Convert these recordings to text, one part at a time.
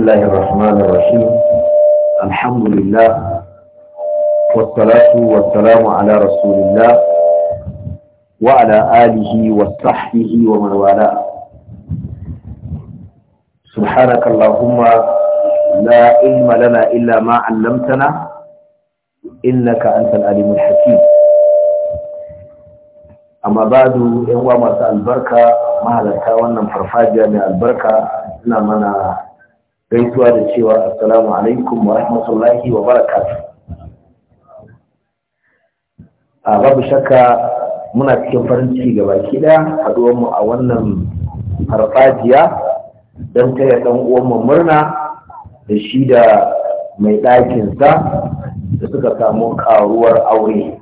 الله الرحمن الرحيم الحمد لله والصلاة والسلام على رسول الله وعلى آله وصحبه ومن والاه سبحانك اللهم لا علم لنا إلا ما علمتنا إنك أنت العليم الحكيم أما بعد إن وما البركة ما هذا كان فرفاجة من البركة إنما أنا gaisuwa da cewa assalamu alaikum wa rahmatullahi wa barakatu. a babu shakka muna cikin farin ciki ga baki daya haduwar mu a wannan farfajiya don taya dan uwan murna da shi da mai ɗakinsa da suka samu karuwar aure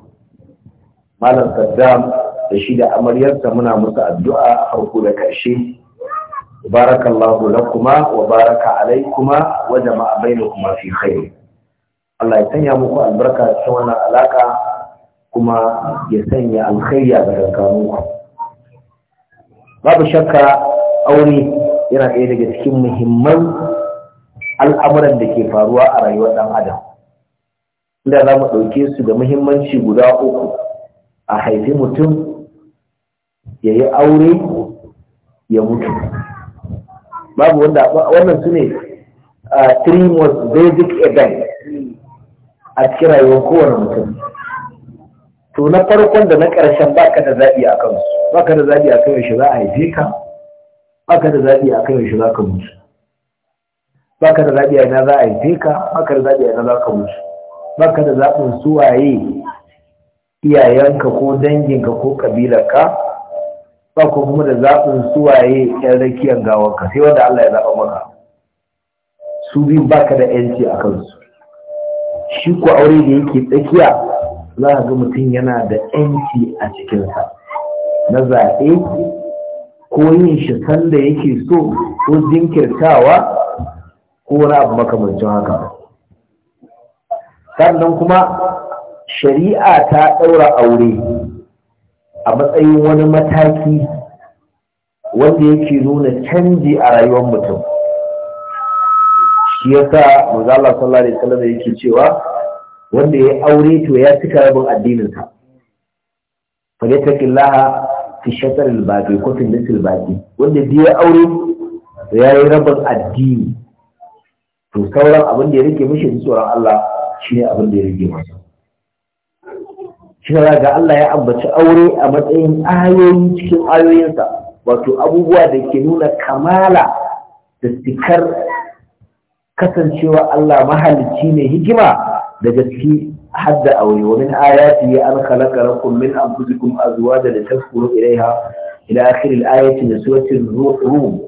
malam saddam da shi da amaryarsa muna musu addu'a a farko da ƙarshe barakallahu kuma wa baraka alaikuma wa jama'a bainakuma fi khair Allah ya sanya muku albarka cikin wannan alaka kuma ya sanya alkhaiya ga dangane babu shakka aure yana ɗaya daga cikin muhimman al'amuran da ke faruwa a rayuwar ɗan adam inda zamu dauke ɗauke su da muhimmanci guda uku a haifi mutum ya yi aure ya mutu babu wanda wannan su ne three most basic events a cikin rayuwar kowane mutum to na farkon da na karshen baka da zaɓi a su, baka da zaɓi a kan yaushe za a haife ka baka da zaɓi a kan yaushe za ka mutu baka da zaɓi a ina za a haife ka baka da zaɓi a ina za ka mutu baka da zaɓin suwaye iyayenka ko danginka ko kabilarka ba ko kuma da zaɓin suwaye yan rakiyar gawanka sai wanda Allah ya zaɓa maka su biyu baka da ƴanci a kansu shi ko aure da yake tsakiya za ka ga mutum yana da ƴanci a cikinsa na zaɓe ko yin shi sanda yake so ko jinkirtawa ko wani abu makamancin haka sannan kuma shari'a ta ɗaura aure a matsayin wani mataki wanda yake nuna canji a rayuwar mutum shi yasa manzo Allah sallallahu alaihi yake cewa wanda ya aure to ya cika rabin addinin sa killaha fi shatar al-baqi ko fi wanda aure to ya yi rabin addini to sauran abin da ya rike mishi tsoron Allah shine abin da ya rike masa shi ga Allah ya ambaci aure a matsayin ayoyi cikin ayoyinsa wato abubuwa da ke nuna kamala da sikar kasancewa Allah mahalicci ne hikima da gaske hadda aure wa min ayati an khalaqa lakum min anfusikum azwajan litaskunu ilayha ila akhir al-ayati min surati ar-rum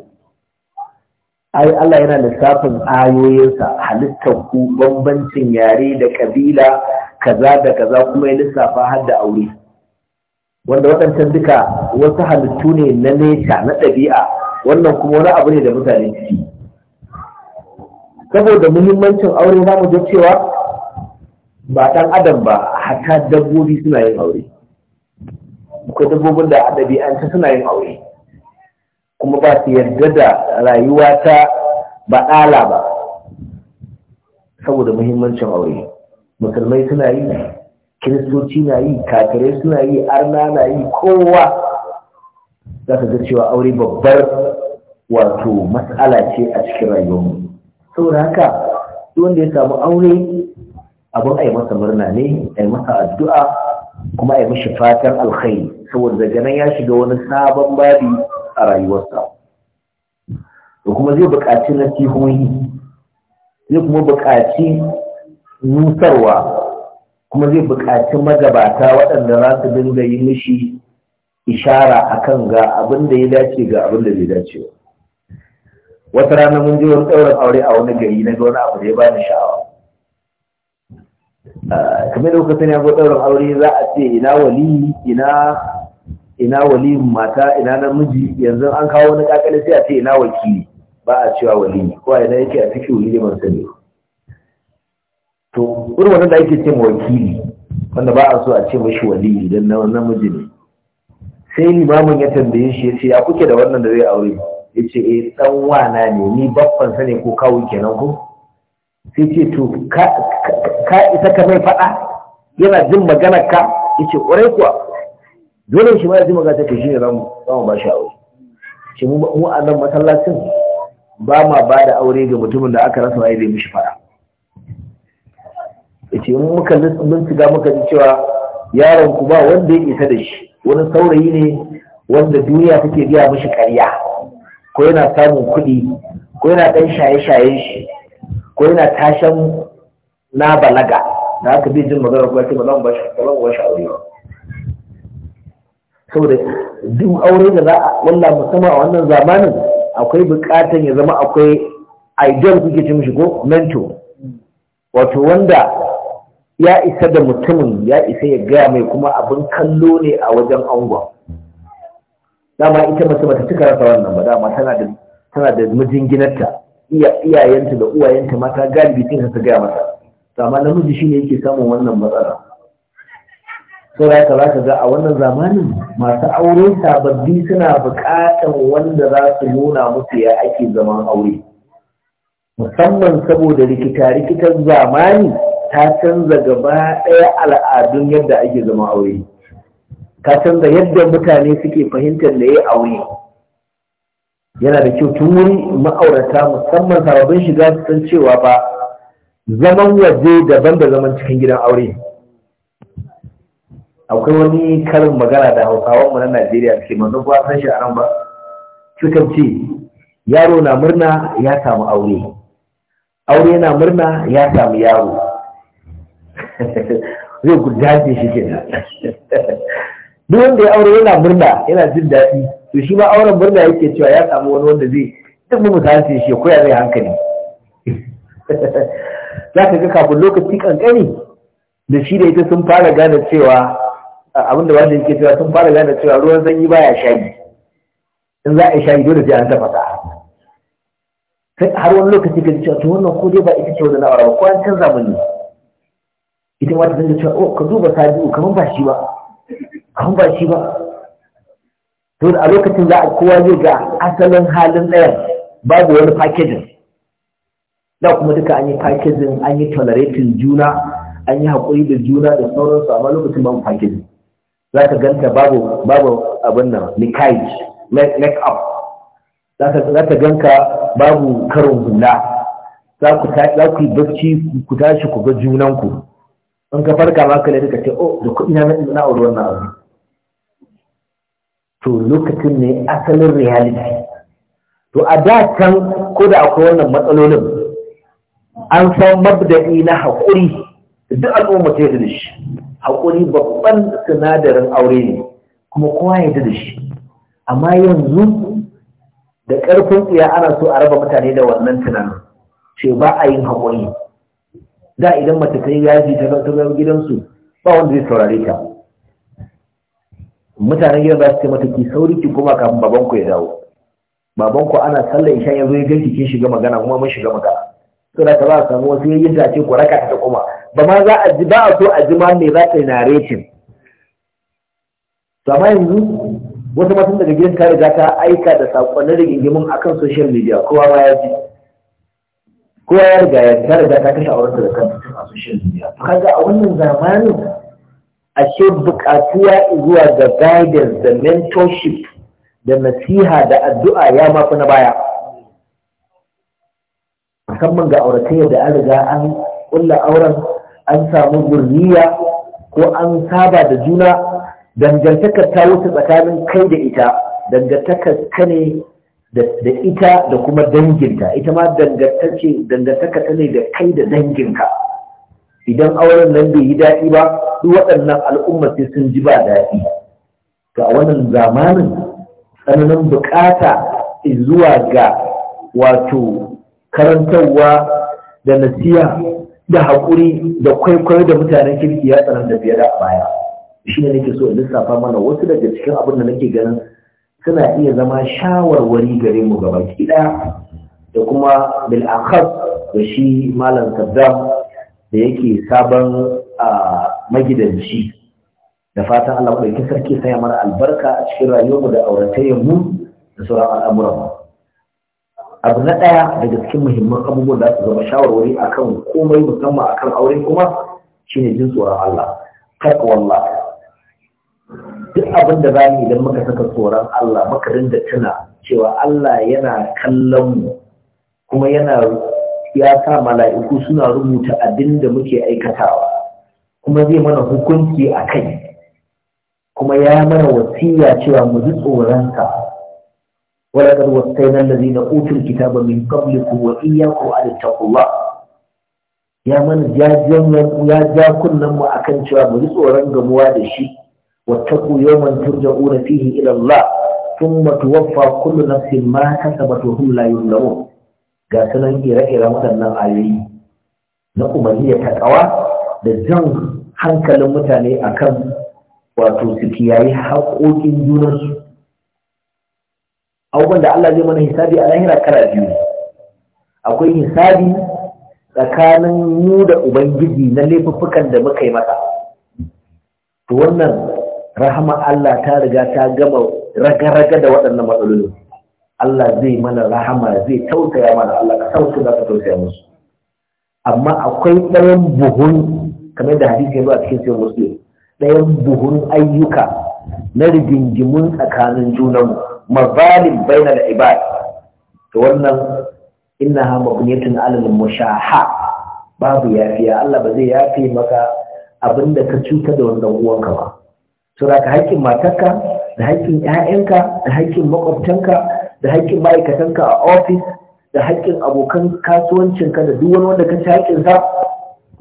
ai Allah yana lissafin ayoyinsa halittar ku bambancin yare da kabila kaza da kaza kuma ya lissafa har da aure wanda waɗancan duka wasu halittu ne na nesa na ɗabi'a wannan kuma wani abu ne da mutane ciki saboda muhimmancin aure za mu cewa ba ɗan adam ba hatta dabbobi suna yin aure akwai dabbobin da a ɗabi'anta suna yin aure kuma ba su yarda da rayuwa ta ɗala ba saboda muhimmancin aure musulmai suna yi kiristoci na yi kafirai suna yi arna na yi kowa za ka ga cewa aure babbar wato matsala ce a cikin rayuwarmu saboda haka duk wanda ya samu aure abin a yi masa murna ne a yi masa addu'a kuma a yi mashi fatan alkhairi saboda daga nan ya shiga wani sabon babi a rayuwarsa da kuma zai buƙaci nasihohi zai kuma buƙaci nusarwa kuma zai buƙaci magabata waɗanda za su dinga yi mishi ishara a kan ga abin da ya dace ga abin da zai dace wa wata rana mun je wani ɗaurin aure a wani gari na ga wani abu da ya bani sha'awa ah, kamar da kuka sani ko ɗaurin aure za a ce ina wali ina ina wali mata ina namiji yanzu an kawo wani kakali sai a ce ina wakili ba a cewa wali ko a ina yake a cikin wali ban sani ba to irin wanda da ake ce ma wakili wanda ba a so a ce mashi wali idan na namiji ne sai limamin ya tambaye shi ya ce ya kuke da wannan da zai aure ya ce eh dan wana ne ni babban sa ko kawo kenan ko sai ce to ka isa ka mai faɗa yana jin magana ka ya ce ƙwarai kuwa dole shi ma ya ji magana ta shi ne za mu ba aure shi mu a nan masallacin ba ma ba da aure ga mutumin da aka rasa ya zai mishi faɗa ce in muka bincika muka ji cewa yaron ku ba wanda ya isa da shi wani saurayi ne wanda duniya take biya mishi ƙarya ko yana samun kuɗi ko yana ɗan shaye-shayen shi ko yana tashan na balaga da aka bi jin magana kuma ce ba za ba shi ba mu ba aure saboda duk aure da za a walla musamman a wannan zamanin akwai bukatan ya zama akwai ideal kuke ce mishi ko mentor wato wanda ya isa da mutumin ya isa ya gaya mai kuma abin kallo ne a wajen angon dama ita mace bata cika rasa wannan ba dama tana da tana da mijinginarta iyayenta da uwayenta mata galibi sun ta gaya mata amma namiji shine yake samun wannan matsala saboda za ka ga a wannan zamanin masu aure sababbi suna buƙatar wanda za su nuna musu ya ake zaman aure musamman saboda rikita rikitar zamani ta canza gaba ɗaya al'adun yadda ake zama aure ka canza yadda mutane suke fahimtar da ya aure yana da kyau tun wuri ma'aurata musamman sababbin shiga su san cewa ba zaman waje daban da zaman cikin gidan aure akwai wani karin magana da hausawan mu na najeriya ke manzo san shi a nan ba sukan ce yaro na murna ya samu aure aure na murna ya samu yaro zai gudaje shi ke duk wanda ya aure yana murna yana jin daɗi to shi ma auren murna yake cewa ya samu wani wanda zai duk mu mutanci shi koya zai hankali za ka ga kafin lokaci kankani da shi da ita sun fara gane cewa abin da wanda yake cewa sun fara gane cewa ruwan sanyi baya shayi in za a yi shayi dole sai an tafasa har wani lokaci ka ji cewa to wannan ko dai ba ita ce wanda na aure ba ko an canza mu ne ita ma ta dinga cewa oh ka duba sadiu kamar ba shi ba kamar ba shi ba to a lokacin za a kowa zai ga asalin halin daya babu wani packaging da kuma duka an yi packaging an yi tolerating juna an yi haƙuri da juna da sauransu amma lokacin babu packaging za ka ganta babu babu abin nan nikaj make up za ka ganka babu karin hula za ku yi bacci ku tashi ku ga junanku in ka farka ba ka ka ce oh da kuɗi na na auri wannan abu to lokacin ne asalin reality to a da can ko da akwai wannan matsalolin an san mabda'i na haƙuri duk al'umma ta yi da shi haƙuri babban sinadarin aure ne kuma kowa ya yi da shi amma yanzu da ƙarfin tsiya ana so a raba mutane da wannan tunanin ce ba a yin haƙuri da idan mace ta yi yaji ta ga gidansu ba wanda zai saurare ta mutanen gidan za su ce mata ki sauri ki kuma kafin babanku ya dawo babanku ana sallar isha ya zo ya gaji kin shiga magana kuma mun shiga magana to da ta ba samu wasu yayi ta ce ku raka ta kuma ba ma za a ji ba a so a ji ma me za ta yi narrating to amma yanzu wasu matan daga gidan ta riga ta aika da sakonnin rigingimin akan social media kowa ma ya ji kowa ya riga ya ta riga ta kashe auren da kanta tun a social media to kaga a wannan zamanin ashe bukatuwa zuwa ga guidance da mentorship da nasiha da addu'a ya mafi na baya musamman ga auratayya da an riga an kulla auren an samu gurniya ko an saba da juna dangantakar ta wuce tsakanin kai da ita dangantakar ka ne da ita da kuma danginta ita ma dangantaka ta ne da kai da danginka idan auren nan bai yi daɗi ba duk waɗannan al'umma sai sun ji ba daɗi ga wannan zamanin tsananin bukata zuwa ga wato karantarwa da nasiya da haƙuri da kwaikwayo da mutanen kirki ya fiye da biyar a baya shi ne nake so in lissafa mana wasu daga cikin abin da nake ganin suna iya zama shawarwari gare mu gaba ɗaya da kuma bil'akas da shi malam kaddam da yake sabon magidanci da fatan Allah ɗauki sarki sai mara albarka a cikin rayuwarmu da auratayyarmu da sauran al'amuran abu na ɗaya daga cikin muhimman abubuwan da su zama shawarwari akan komai musamman akan aure kuma shine jin tsoron Allah taqwallah duk abin da za mu idan muka saka tsoron Allah muka rinda tuna cewa Allah yana kallon mu kuma yana ya sa mala'iku suna rubuta abin da muke aikatawa kuma zai mana hukunci a kai kuma ya mana wasiya cewa mu ji tsoronsa ولقد وصينا الذين اوتوا الكتاب من قبلكم واياكم ان اتقوا الله ya mana jajen ya ja kunnen mu akan cewa mu ji tsoron gamuwa da shi واتقوا يوما ترجعون فيه إلى الله ثم توفى كل نفس ما كسبت وهم لا يظلمون قاسنا إيرا مثلا آيوي ta هي da jan hankalin mutane akan wato su kiyaye haƙoƙin junansu abubuwan da Allah zai mana hisabi a lahira kara biyu akwai hisabi tsakanin mu da ubangiji na laifuffukan da muka yi masa to wannan rahama Allah ta riga ta gama raga-raga da waɗannan matsalolin Allah zai mana rahama zai tausaya mana Allah ka san su za ka tausaya musu amma akwai ɗayan buhun kamar da hadisi ya zo a cikin sai muslim ɗayan buhun ayyuka na rigingimun tsakanin junanmu mazalim da ibad to wannan innaha mabniyatun alal mushaha babu yafiya Allah ba zai yafe maka abinda ka cuta da wannan uwanka ba to da ka haƙƙin matarka da haƙƙin 'ya'yanka, da haƙƙin makwabtanka da haƙƙin ma'aikatanka a ofis da haƙƙin abokan kasuwancinka da duk wani wanda ka ci haƙƙinsa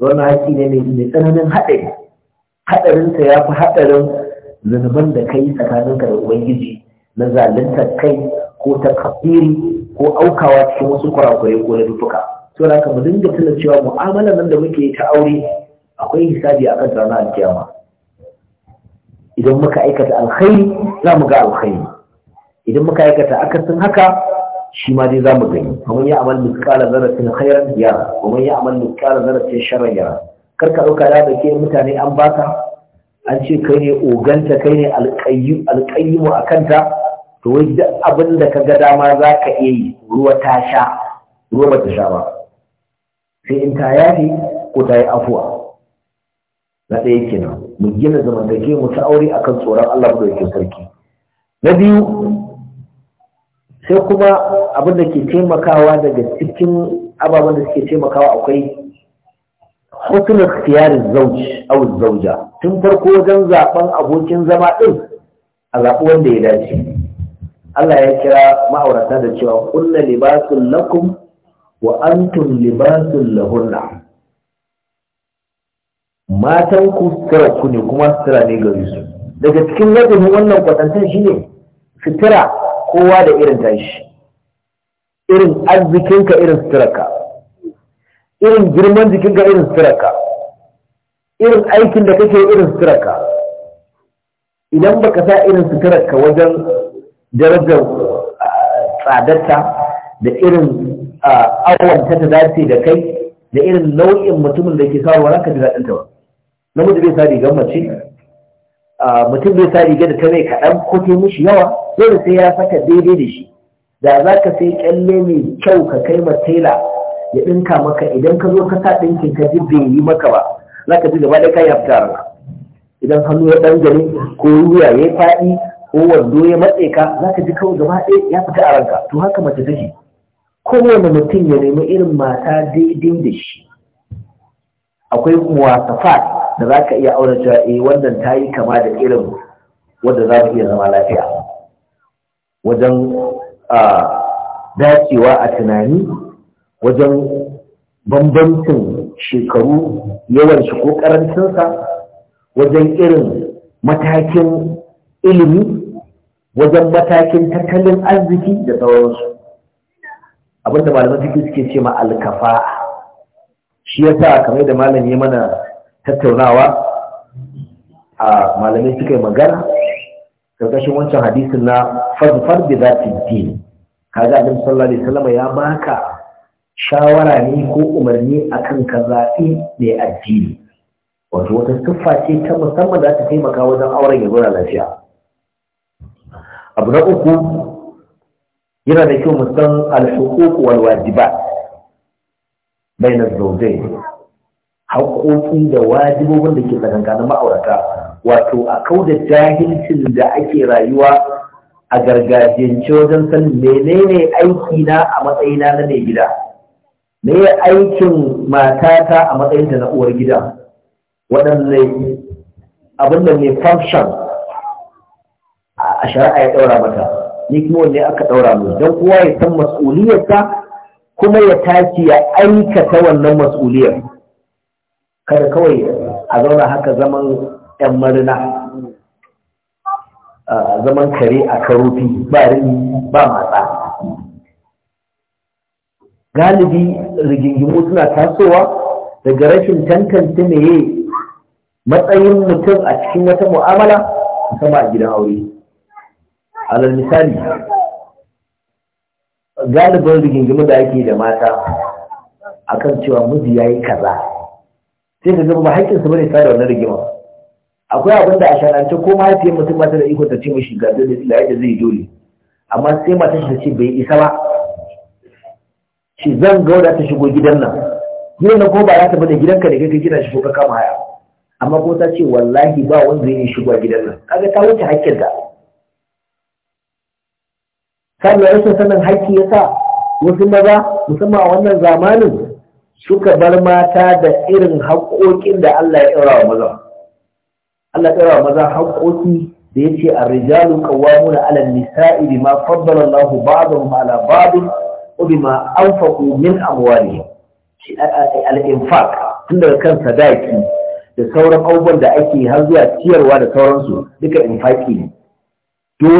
wannan haƙƙi ne mai tsananin haɗari haɗarinsa ya fi haɗarin zunuban da ka yi tsakaninka da ubangiji na zalunta kai ko ta kafiri ko aukawa cikin wasu kurakurai ko na dutuka to da ka mu dinga tuna cewa mu'amalar nan da muke yi ta aure akwai hisabi a kan ranar alkiyama idan muka aikata alkhairi za mu ga alkhairi idan muka aikata akasin haka shi ma dai za mu gani kamar ya amal miskala zarafin khairan yara kamar ya amal miskala zarafin sharar yara kar ka ɗauka da ke mutane an baka an ce kai ne oganta kai ne alƙayyimu a kanta to wai duk abin da ka ga dama za ka iya yi ruwa ta sha ruwa ba ta sha ba sai in ta yafi ko ta yi afuwa na ɗaya kenan mu gina zamantake mu ta aure akan tsoron Allah da yake sarki na biyu sai kuma abin da ke taimakawa daga cikin ababen da suke taimakawa akwai hotunan khiyarin zauj au zauja tun farko wajen zaben abokin zama ɗin, a zaɓi wanda ya dace Allah ya kira ma'aurata da cewa kunna libasul lakum wa antum libasul lahunna matan ku sutura ku ne kuma sutura ne gare su daga cikin ladabin wannan kwatantan shine sutura kowa da irin tashi irin arzikinka irin suturarka irin girman jikinka irin suturarka irin aikin da kake irin suturarka idan baka sa irin suturarka wajen darajar tsadarta da irin awon ta dace da kai da irin nau'in mutumin da ke kawo ranka ji daɗinta ba namiji bai sa rigar mace mutum bai sa rigar da ta mai kaɗan ko ta mishi yawa dole sai ya saka daidai da shi da za ka sai kyalle mai kyau ka kai ma tela ya ɗinka maka idan ka zo ka sa ɗinkin ka ji bai yi maka ba za ka ji gaba da ka yafta ranka idan hannu ya gani ko wuya ya yi faɗi ko wando ya matse ka za ka ji kawai gaba ɗaya ya fita a ranka to haka mace take kowane mutum ya nemi irin mata daidai da shi akwai muwasafat da za ka iya aure cewa eh wannan ta yi kama da irin wadda za mu iya zama lafiya wajen dacewa a tunani wajen bambancin shekaru yawan shi ko karancinsa wajen irin matakin ilimi wajen matakin tattalin arziki da sauransu abinda malamai suke suke ce ma alkafa shi yasa kamar da malam ya mana tattaunawa a malamai suka yi magana karkashin wancan hadisin na farfar da zati din kaga abin sallallahu da salama ya baka shawara ne ko umarni akan ka zafi mai addini wato wata siffa ce ta musamman da ta taimaka wajen auren ya zura lafiya abu na uku yana da kyau mu san al-huquq wal wajibat haƙoƙi da wajibobin da ke tsakankanin ma'aurata wato a kau da jahilcin da ake rayuwa a gargajiyance wajen sanin menene aiki na a matsayina na mai gida me aikin matata a matsayinta na uwar gida waɗanne abin da mai function a shari'a ya ɗaura mata ni kuma wanne aka ɗaura mu don kowa ya san mas'uliyarsa kuma ya tashi ya aikata wannan mas'uliyar kada kawai a zauna haka zaman yan marina zaman kare a karofi ba rini ba matsa galibi rigingimu suna tasowa daga rashin tantance meye matsayin mutum a cikin wata mu'amala sama a gidan aure alal misali galibin rigingimu da ake da mata akan cewa miji ya yi kaza sai ka zama haƙƙinsa bane ta wannan rigima akwai abin da a shanance ko mahaifiyar mutum ba ta da iko ta ce mishi ga dole da yadda zai dole amma sai mata ta ce bai isa ba shi zan ga wadda ta shigo gidan nan gidan nan ko ba za ta bane gidanka da kai gina shi ko ka kama haya amma ko ta ce wallahi ba wanda zai shigo gidan nan kaga ta wuce haƙƙin ka kan rashin sanin haƙƙi sa wasu maza musamman a wannan zamanin suka bar mata da irin haƙoƙin da Allah ya ɗora wa maza Allah ya wa maza haƙoƙi da yace "A rijalu qawwamuna 'ala an-nisa'i bima faddala Allahu ba'dahum 'ala ba'd wa bima anfaqu min amwalihim al-infaq tun daga kan sadaki da sauran abubuwan da ake har zuwa ciyarwa da sauransu duka infaki ne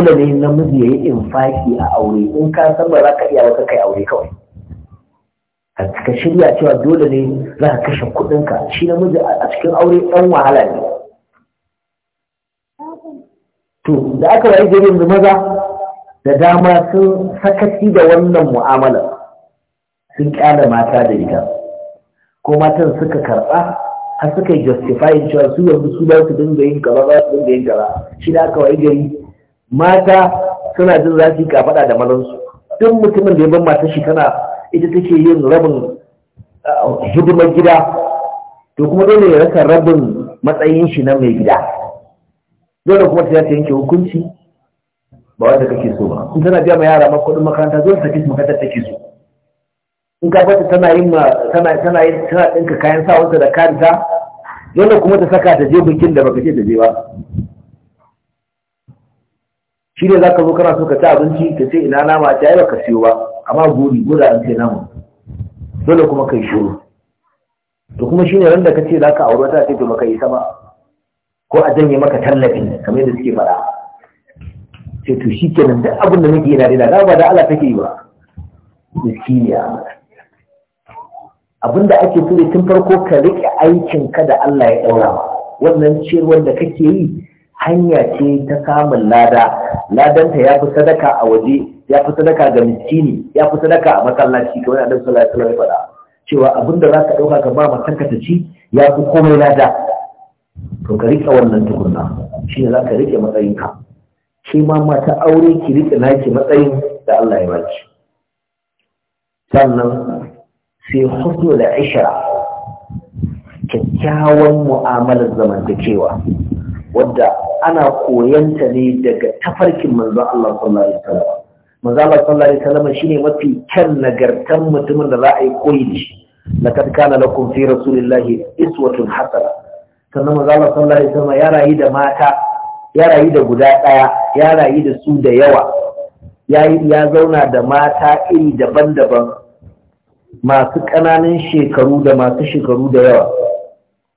dole ne namiji yayi infaki a aure in ka san ba za ka iya ba kai aure kawai ka shirya cewa dole ne za ka kashe kudinka shi namiji a cikin aure ɗan wahala ne to da aka wayi gari da maza da dama sun sakaci da wannan mu'amala sun kyala mata da ita ko matan suka karɓa har suka yi justifying cewa su yanzu su ba su dinga yin gaba ba su dinga yin gaba shi da aka wayi gari mata suna jin zafi ka yi kafaɗa da mazansu duk mutumin da ya ban mata shi tana ita take yin rabin uh, hidimar gida to kuma dole ya rasa rabin matsayin shi na mai gida dole kuma ta yanke hukunci ba wanda kake so ba in tana biya ma yara ma kuɗin makaranta zo ta kisa makaranta take so in ka bata tana yin ma tana tana yin tana dinka kayan sawunta da kanta dole kuma ta saka ta je bikin da baka ce ta je ba shi ne ka zo kana so ka ci abinci ka ce ina nama ta yi baka siyo ba amma gori da an kai nama dole kuma kai shiru to kuma shine ran da kace zaka aure ta ce to maka yi ba ko a janye maka tallafi kamar yadda suke fara sai to shikenan duk abin da nake yana da ba da Allah take yi ba miskiniya abinda ake so tun farko ka rike aikin ka da Allah ya daura ma wannan ciyarwar da kake yi hanya ce ta samun lada ladanta ya fi sadaka a waje ya fi sadaka ga miskini ya fi sadaka a masallaci kamar annabi sallallahu alaihi ya faɗa cewa abin da zaka ɗauka ka ba matarka ta ci ya fi komai lada to ka rike wannan tukunna shine zaka rike matsayinka shi ma mata aure ki rike naki matsayin da Allah ya baki sannan sai da ishra kyakkyawan mu'amalar zamantakewa wadda ana koyanta ne daga tafarkin manzon Allah sallallahu alaihi wasallam manzo sallallahu alaihi shine mafi kyan nagartan mutumin da za a yi koyi da shi kad kana lakum fi rasulillahi iswatun hasana sannan manzo sallallahu alaihi wasallam ya rayu da mata ya rayu da guda daya ya rayu da su da yawa ya ya zauna da mata iri daban-daban masu ƙananan shekaru da masu shekaru da yawa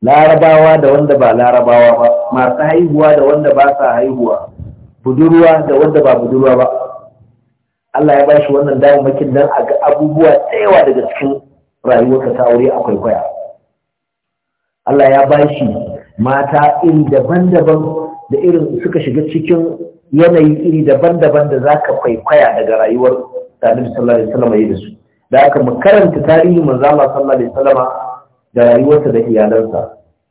larabawa da wanda ba larabawa ba masu haihuwa da wanda ba sa haihuwa budurwa da wanda ba budurwa ba Allah ya bashi wannan makin nan a ga abubuwa tsayawa yawa daga cikin rayuwarka ta aure akwaikwaya. kwaikwaya. Allah ya bashi mata iri daban-daban da irin suka shiga cikin yanayi iri daban-daban da za ka kwaikwaya daga rayuwar Annabi sallallahu alaihi wasallam yi da su da aka mu karanta tarihi manzo Allah sallallahu alaihi wasallam da rayuwarsa da iyalansa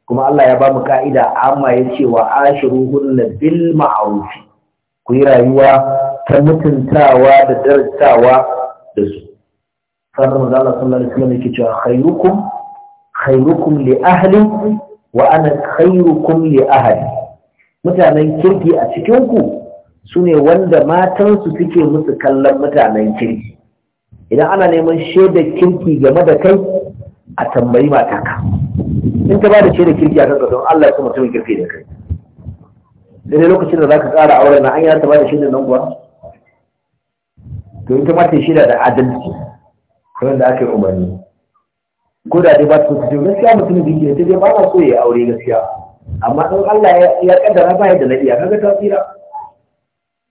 kuma Allah ya ba mu ka'ida amma ya ce wa ashiruhunna bil ma'ruf ku yi rayuwa ta mutuntawa da dartawa da su sannan da Allah sallallahu alaihi wasallam yake cewa khairukum khairukum li ahli wa ana khairukum li ahli mutanen kirki a cikin ku sune wanda matansu suke musu kallon mutanen kirki idan ana neman shaidar kirki game da kai a tambayi mataka in ta ba da shaidar kirki a kanka don Allah ya kuma mutumin kirki da kai dai lokacin da za ka ƙara auren na an yi ta ba da shaidar nan kuwa to ita ma ta shida da adalci kamar da aka yi umarni ko da dai ba ta kusa gaskiya mutum da ke ta dai ba na so ya aure gaskiya amma in Allah ya kaddara ba ya da nadiya kaga ta tsira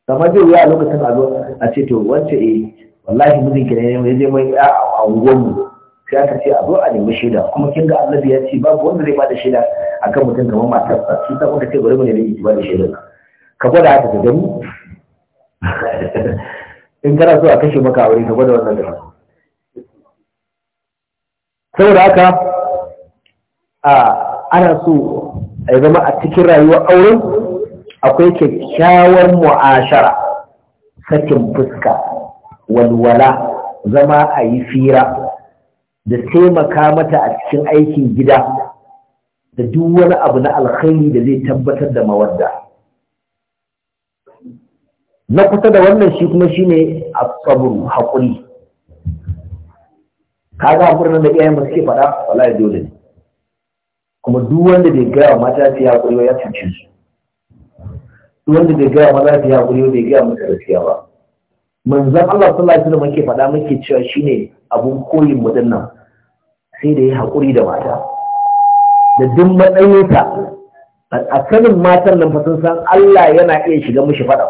kamar zai wuya a lokacin a zo a ce to wance eh wallahi mijin ki ne ya je mai a unguwanmu sai aka ce a zo a nemi shaida kuma kin ga annabi ya ce babu wanda zai bada shaida akan mutum kamar matarsa shi ta wanda ce bari mu ne da ba da shaida ka gwada haka ka gani in kana so a kashe maka aure ka gwada wannan da saboda haka a ana so a zama a cikin rayuwar auren akwai kyakkyawar mu'ashara sakin fuska walwala zama a yi fira da taimaka mata a cikin aikin gida da duk wani abu na alkhairi da zai tabbatar da mawadda na kusa da wannan shi kuma shi ne haƙuri ka hakuri kaga nan da iyayen ba suke faɗa wallahi dole ne kuma duk wanda bai gaya wa mata su hakuri ba ya cuce su duk wanda bai gaya wa maza su hakuri ba bai gaya musu gaskiya ba Manzan Allah sallallahu alaihi wasallam yake faɗa muke cewa shine abun koyin mu dinnan sai da ya hakuri da mata da duk matsayinta a kanin matan nan fa sun san Allah yana iya shiga mishi faɗa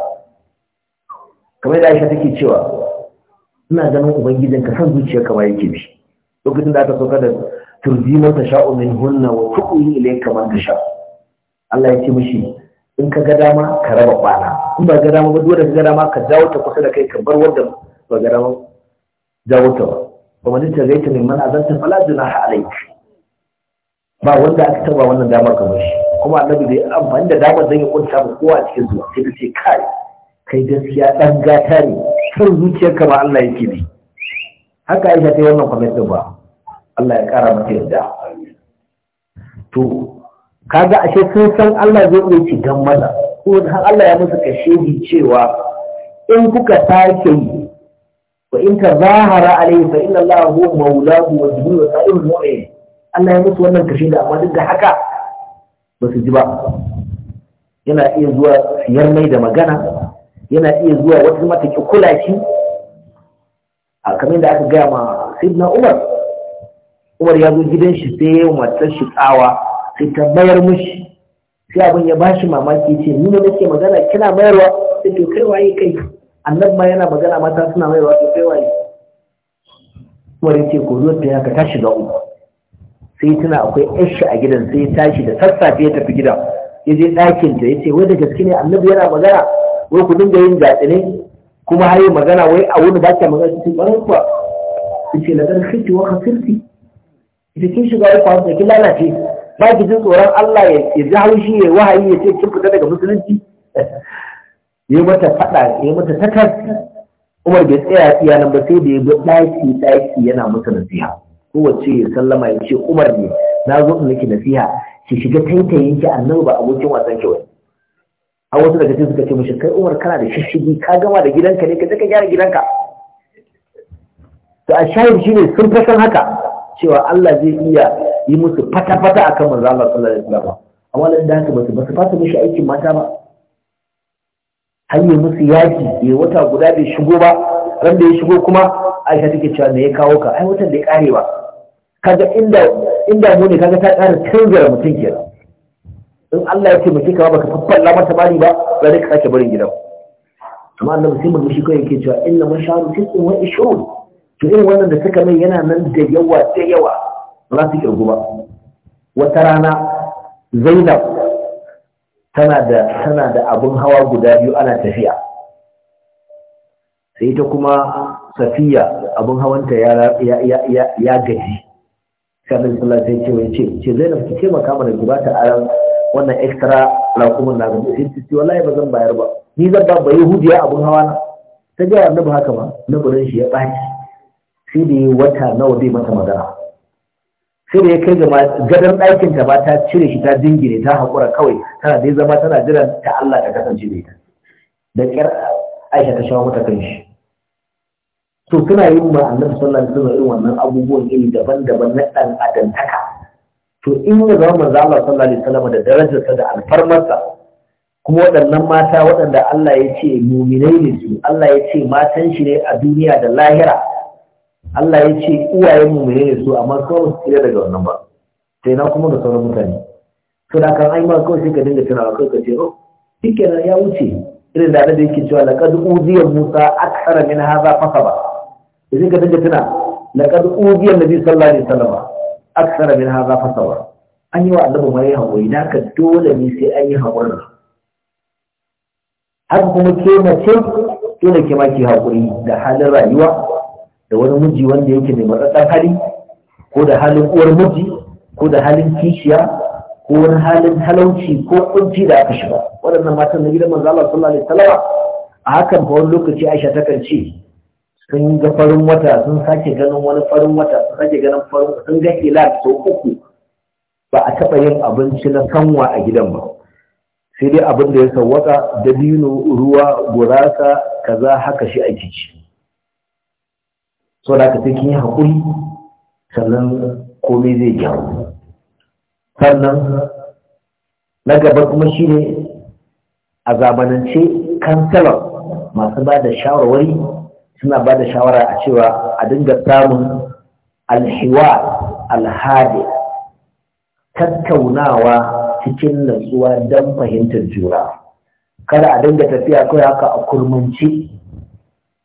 kamar da aisha take cewa ina ganin ubangijin ka san zuciyar kamar yake bi lokacin da aka sauka da turbi ta sha'u min hunna wa tu'uyi ilayka man tasha Allah ya ce mishi in ka ga dama ka raba kwana in ba ga dama ba dole ka ga dama ka dawo ta kusa da kai ka bar wanda ba ga dama dawo ta ba kuma ni ta gaita min mana azanta fala ha alayki ba wanda aka taba wannan damar kamar shi kuma annabi da ya amfani da damar zan yi kunta ba kowa cikin zuwa sai ta ce kai kai gaskiya ɗan gata ne kan zuciyarka ba Allah yake bi haka aisha ta yi wannan kwamitin ba Allah ya ƙara mata yadda to kaga ashe sun san Allah zai iya ci dan mana ko har Allah ya musu kashedi cewa in kuka sake yi wa in zahara alaihi fa inna Allah huwa maulahu wa jibril wa sa'ir mu'min Allah ya musu wannan da amma duk da haka ba su ji ba yana iya zuwa siyar mai da magana yana iya zuwa wata mata ki kula shi a kamar da aka gaya ma sidna umar umar ya zo gidan shi sai ya yi matar shi tsawa sai ta mayar mushi sai abin ya bashi mamaki ce ni ne nake magana kina mayarwa sai to kai waye kai annab ma yana magana mata suna mayarwa to kai waye umar ya ce ko zo ta ka tashi shiga uku sai tana akwai yashi a gidan sai ya tashi da sassafe ya tafi gidan ya je ɗakin ta ya ce wai da gaske ne annabi yana magana wai ku dinga yin ne? kuma har yi magana wai a wani baki ta magana cikin ɓarar kuwa su ce na ɗarfi kirki wa kafirti ita kin shiga wai kwanci da kin lalace ba ki jin tsoron Allah ya ji haushi ya wahayi ya ce kin fita daga musulunci ya mata faɗa ya mata takar Umar bai tsaya iya nan ba sai da ya bi ɗaki ɗaki yana mata nasiha kowace ya sallama ya ce Umar ne na zo in nake nasiha ki shiga taitayin ki annabi ba abokin wasan ki wani a wasu daga cikin suka ce mashi kai umar kana da shishigi ka gama da gidanka ne ka je ka gyara gidanka to a shi shine sun fasan haka cewa Allah zai iya yi musu fata-fata akan manzo Allah sallallahu alaihi wasallam amma da haka basu basu fasa mishi aikin mata ba hanyar musu yaki ya wata guda bai shigo ba ran da ya shigo kuma Aisha take cewa me ya kawo ka ai wata da ya kare ba kaga inda inda mu ne kaga ta ƙara tunzura mutum kenan in Allah ya ce mace kawa baka fafalla mata bari ba za ka sake barin gidan amma annabi sai mun shi kai yake cewa inna man sha'u tis'in wa ishrun to irin wannan da suka mai yana nan da yawa da yawa ba su kirgu ba wata rana Zainab tana da tana da abun hawa guda biyu ana tafiya sai ta kuma Safiya abun hawanta ya ya ya ya gaji sai Allah sai ce ce Zainab ki taimaka mana gubata aran wannan extra rakumin na gaba sai ta wala ya bazan zan bayar ba ni zan ba ba yahudiya abun hawa na ta ga annabi haka ba nabarin shi ya ɓaki. sai da wata nawa bai mata magana sai da ya kai gama gadon ɗakin ta ba ta cire shi ta dingine ta haƙura kawai tana dai zama tana jiran ta Allah ta kasance da ita da ƙyar Aisha ta shawo mata kan shi to suna yin ma annabi sallallahu alaihi wasallam irin wannan abubuwan iri daban-daban na ɗan adantaka to in ya zama manzo Allah sallallahu alaihi wasallam da darajarsa da alfarmarsa kuma waɗannan mata waɗanda Allah ya ce muminai ne su Allah ya ce matan shi ne a duniya da lahira Allah ya ce uwaye muminai ne su amma kawai su tsira daga wannan ba sai na kuma da sauran mutane to da kan ai ma kawai sai ka dinga tunawa kai ka ce oh shikenan ya wuce irin da da yake cewa laqad uziya musa akthara min hadha fasaba idan ka dinga tuna laqad uziya nabi sallallahu alaihi wasallam aksara min haza fasawar an yi wa annabi mai hakuri, na ka dole ne sai an yi haƙuri haka kuma ke mace dole ke ma ke haƙuri da halin rayuwa da wani miji wanda yake mai matsatsan hali ko da halin uwar miji ko da halin kishiya ko wani halin talauci ko kunci da aka shiga waɗannan matan na gidan manzo Allah sallallahu alaihi wasallam a hakan fa wani lokaci Aisha takan ce sun ga farin wata sun sake ganin wani farin wata sun sake ganin farin sun ga hilal sau uku ba a taɓa yin abinci na kanwa a gidan ba sai dai abin da ya sawwaka dabino ruwa gurasa kaza haka shi a ci so da ka sai kin yi haƙuri sannan komai zai gyaru sannan na gaba kuma shine a zamanance kansalar masu ba da shawarwari suna ba da shawara a cewa a dinga samun alhiwa alhadi tattaunawa cikin natsuwa don fahimtar jura kada a dinga tafiya kawai haka a kurmanci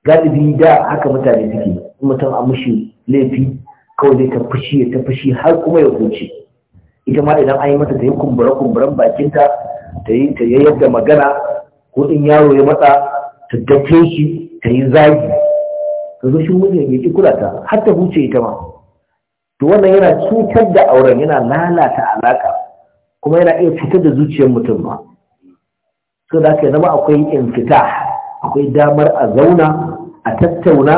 galibi da haka mutane suke mutum a mushi laifi kawai zai ta fushi ya ta fushi har kuma ya huce ita ma idan an yi mata ta yi kumbura kumburan bakinta ta yi ta yadda magana ko in yaro ya matsa ta dace shi ta yi zagi ka ga shin mijin ya ki kula ta har ta huce ita ma to wannan yana cutar da auren yana lalata alaka kuma yana iya fitar da zuciyar mutum ma so da ka zama akwai infita akwai damar a zauna a tattauna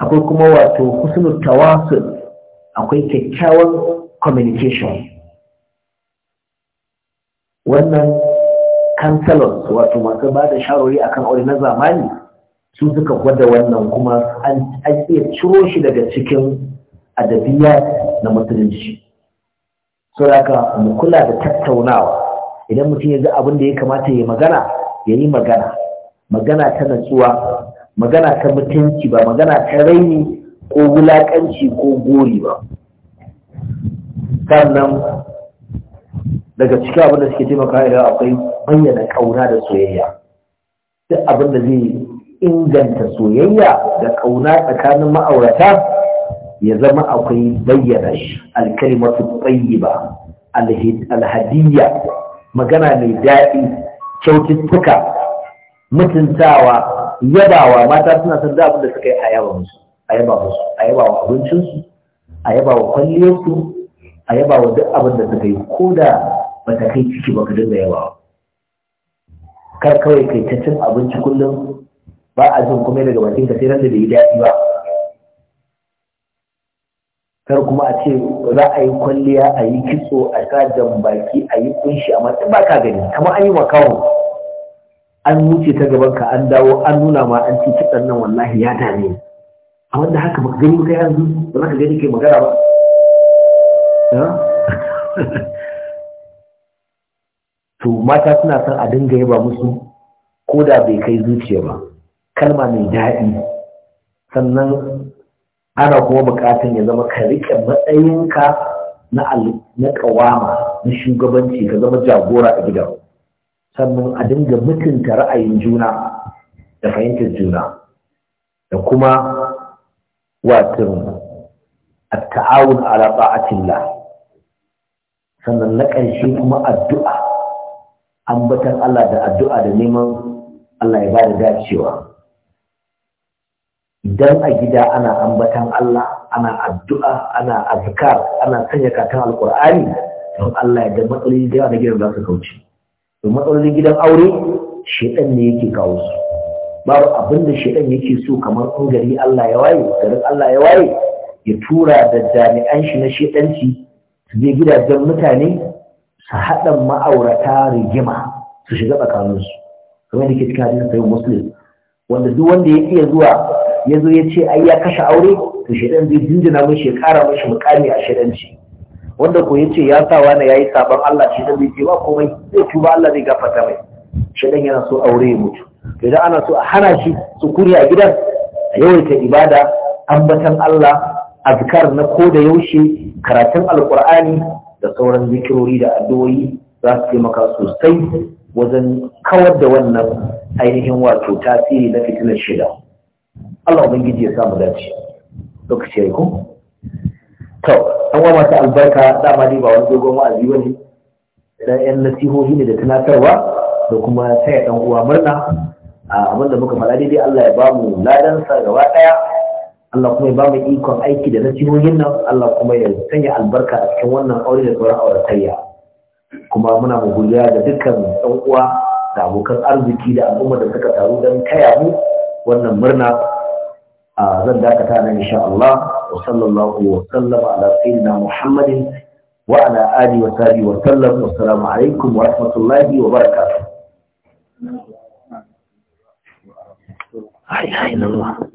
akwai kuma wato husnul tawasul akwai kyakkyawan communication wannan kansalon wato masu ba da sharori akan aure na zamani su suka gwada wannan kuma an iya ciro shi daga cikin adabiya na musulunci so haka mu kula da tattaunawa idan mutum ya ga abin da ya kamata ya magana ya yi magana magana ta natsuwa magana ta mutunci ba magana ta raini ko wulaƙanci, ko gori ba sannan daga cikin abin da suke taimaka idan akwai bayyana ƙauna da soyayya duk abin da zai inganta soyayya da ƙauna tsakanin ma'aurata ya zama akwai bayyana shi alkalimatu tsayiba alhadiyya magana mai daɗi kyaututtuka mutuntawa yabawa mata suna son da da suka yi a yaba musu a yaba musu a yaba wa abincinsu a yaba wa kwalliyarsu a yaba wa duk abin da suka yi ko da bata kai ciki ba ka dinga kar kawai kai ta cin abinci kullum ba a jin kuma daga bakin ka sai nan da bai daɗi ba kar kuma a ce za a yi kwalliya a yi kitso a sa baki a yi kunshi amma in ba ka gani kamar an yi wa kawo an wuce ta gaban ka an dawo an nuna ma an ci kitan nan wallahi ya dame a wanda haka ba gani kai yanzu ba za ka gani kai magana ba to mata suna son a dinga yaba musu ko da bai kai zuciya ba kalma mai daɗi sannan ana kuma buƙatar ya zama ka riƙe matsayinka na ƙawama na shugabanci ka zama jagora a gidan sannan a dinga mutunta ra'ayin juna da fahimtar juna da kuma watan ta'awun alaƙa a الله sannan na ƙarshe kuma addu'a ambatan Allah da addu'a da neman Allah ya bada dacewa idan a gida ana ambatan Allah ana addu'a ana azkar ana sanya katon alkur'ani don Allah ya da matsalolin da yawa na gidan za su kauce to matsalolin gidan aure shedan ne yake kawo su babu abin da shedan yake so kamar in gari Allah ya waye garin Allah ya waye ya tura da jami'an shi na shedanci su je gidajen mutane su haɗa ma'aurata rigima su shiga tsakaninsu kamar da ke cikin hadisin sayin muslim wanda duk wanda ya iya zuwa ya zo ya ce ai ya kashe aure to ɗan zai jinjina mishi ya kara mishi mukami a shaidanci wanda ko ya ce ya sa wani ya yi sabon Allah ɗan zai ce ba komai zai tuba Allah zai gafarta mai ɗan yana so aure ya mutu idan ana so a hana shi sukuri a gidan a yawaita ibada ambatan Allah azkar na ko da yaushe karatun alkur'ani da sauran zikirori da addu'o'i za su taimaka sosai wajen kawar da wannan ainihin wato tasiri na fitilar shida Allah ubangiji ya samu dace lokaci yayi ko to an wa masu albarka dama ni ba wani dogon wa'azi ne. da yan nasihohi ne da tunatarwa da kuma taya dan uwa murna A abinda muka faɗa daidai Allah ya ba mu ladan sa gaba daya Allah kuma ya ba mu ikon aiki da nasihohin nan Allah kuma ya sanya albarka a cikin wannan aure da sauran auratayya kuma muna mu godiya da dukkan ɗan uwa da abokan arziki da al'umma da suka taru don taya mu wannan murna a zan dakata nan insha Allah wa sallallahu wa sallama ala sayyidina Muhammadin wa ala alihi wa sahbihi wa sallam wa assalamu alaikum wa rahmatullahi wa barakatuh ai ai nan